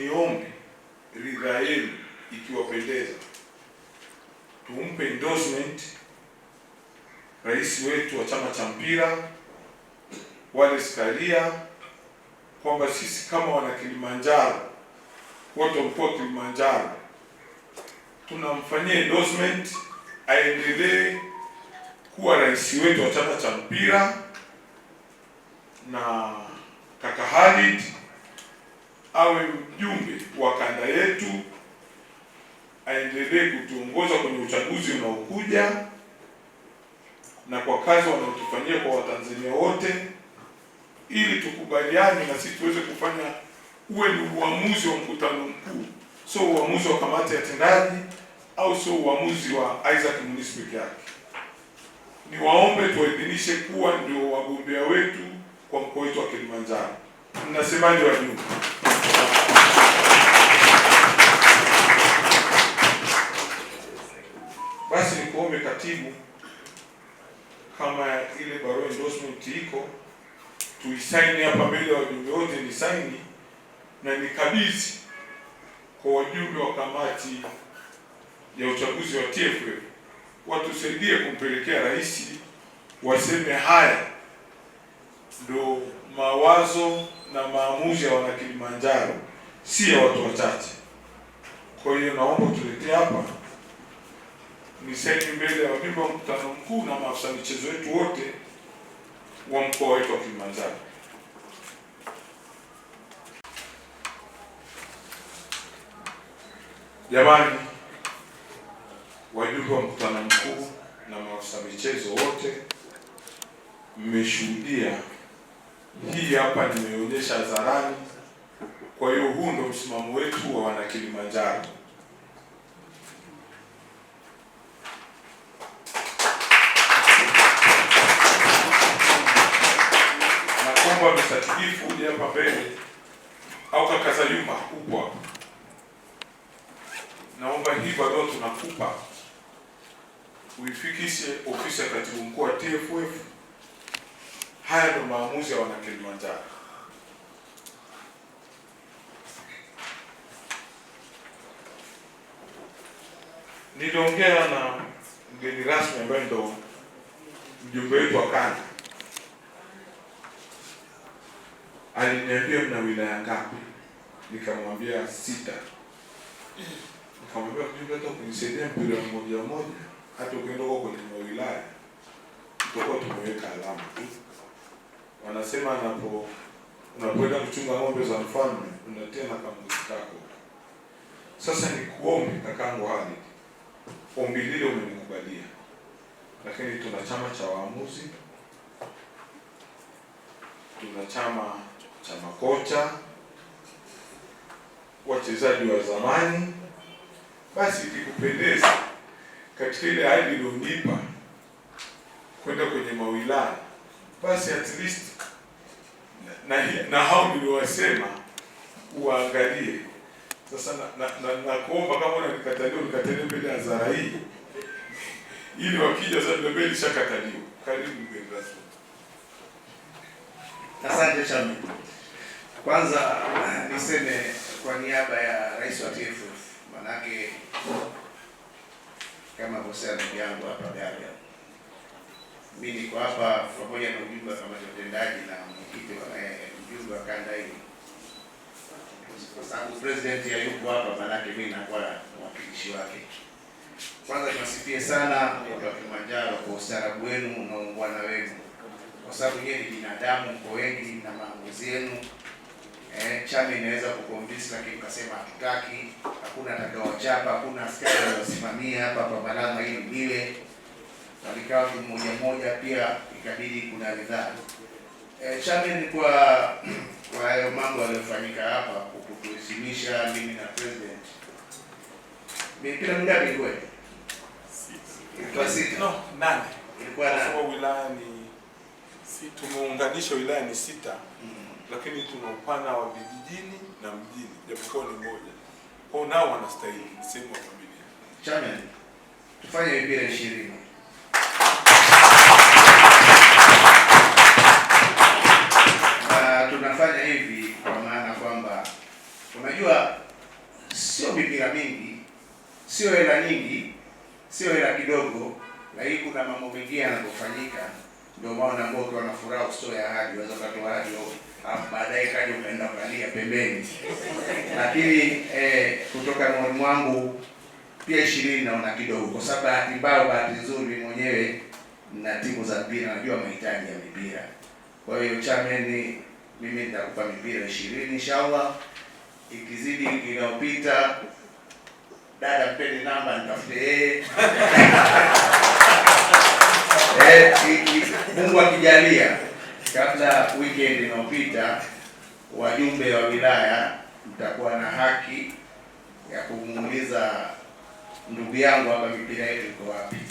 Niombe ridhaa yenu ikiwapendeza, tumpe endorsement rais wetu wa chama cha mpira Wallace Karia kwamba sisi kama wana Kilimanjaro, wote wa mkoa wa Kilimanjaro, tunamfanyia endorsement aendelee kuwa rais wetu wa chama cha mpira na kaka Khalid awe mjumbe wa kanda yetu, aendelee kutuongoza kwenye uchaguzi unaokuja na kwa kazi wanaotufanyia kwa Watanzania wote, ili tukubaliane na sisi tuweze kufanya uwe ni uamuzi wa mkutano mkuu, sio uamuzi wa kamati ya tendaji au sio uamuzi wa Isaac Munisi peke yake. Niwaombe tuwaidhinishe kuwa ndio wagombea wetu kwa mkoa wetu wa Kilimanjaro mnasemaji wa juu. Basi nikuombe katibu, kama ile barua endorsement iko tuisaini hapa mbele ya wajumbe wote, ni saini na nikabidhi kwa wajumbe wa kamati ya uchaguzi wa TFF watusaidie kumpelekea rais, waseme haya ndo mawazo na maamuzi ya wana Kilimanjaro, si ya watu wachache. Kwa hiyo naomba tuletee hapa nisaini mbele ya wajumbe wa mkutano mkuu na maafisa michezo wetu wote wa mkoa wetu wa Kilimanjaro. Jamani, wajumbe wa mkutano mkuu na maafisa michezo wote, mmeshuhudia hii hapa nimeonyesha zarani Kwa hiyo huu ndo msimamo wetu wa wana Kilimanjaro. Nakomba msatikifu uje hapa mbele, au kaka Sayuma kubwa, Naomba hii barua tunakupa uifikishe ofisi ya katibu mkuu wa TFF. Haya ndo maamuzi ya wana Kilimanjaro. Niliongea na mgeni rasmi ambaye ndo mjumbe wetu wa kanda, aliniambia mna wilaya ngapi? Nikamwambia sita. Nikamwambia mjumbe, hata ukinisaidia mpira mmoja mmoja, hata ukienda kwenye wilaya, tutakuwa tumeweka alama tu wanasema anapo unapoenda kuchunga ng'ombe za mfalme unatena kambuzi kako. Sasa ni kuombe kakangu Khalid, ombi lile umenikubalia, lakini tuna chama cha waamuzi, tuna chama cha makocha, wachezaji wa zamani. Basi ikikupendeza katika ile ahadi ulionipa kwenda kwenye mawilaya basi at least na, na, na hao niliwasema uangalie sasa, nakuomba na, na, na kama unanikatalia unikatalie mbele ya hadhara hii ili wakija sasa ndio mbele ishakataliwa. Karibu mgeni rasmi. Asante chama. Kwanza niseme kwa niaba ya rais wa TFF, manake kama kosea ndugu yangu hapa gari mimi niko hapa pamoja na ujumbe wa kamati ya utendaji na mwenyekiti wa ujumbe wa kanda hii, kwa sababu president hayupo hapa, maanake mimi nakuwa mwakilishi wake. Kwanza tunasifia sana watu wa Kilimanjaro kwa ustaarabu wenu na uungwana wenu, kwa sababu yeye ni binadamu, mko wengi na maamuzi yenu eh, chama inaweza kukomvisi, lakini ukasema hatutaki, hakuna atakaochapa, hakuna askari anaosimamia hapa, pambana hili ile na vikao mmoja moja pia ikabidi kuna ridhani e, eh, chameni kwa kwa hayo mambo yaliyofanyika hapa kutuheshimisha mimi na president mipira mgapi kweli? Ilikuwa sita. No, nane. Ilikuwa nane. Kwa wilaya ni si tumeunganisha wilaya ni sita. Mm. Lakini tuna upana wa vijijini na mjini japokuwa ni moja. Kwa nao wanastahili sehemu ya familia. Chairman, tufanye mipira 20. Unajua sio mipira mingi, sio hela nyingi, sio hela kidogo, lakini kuna mambo mengine yanapofanyika, ndio maana mboke wana furaha usio ahadi, waweza kutoa ahadi oh, au ah, baadaye kaja ukaenda kalia pembeni. Lakini eh, kutoka moyo mwangu pia ishirini naona kidogo, kwa sababu bahati mbaya, bahati nzuri mwenyewe na timu za mpira, najua mahitaji ya mipira. Kwa hiyo chameni, mimi nitakupa mipira ishirini inshallah ikizidi inayopita, dada, mpeni namba nitafute yeye eh, Mungu akijalia, kabla weekend inayopita, wajumbe wa wilaya mtakuwa na haki ya kumuuliza ndugu yangu hapa mipira yetu iko wapi.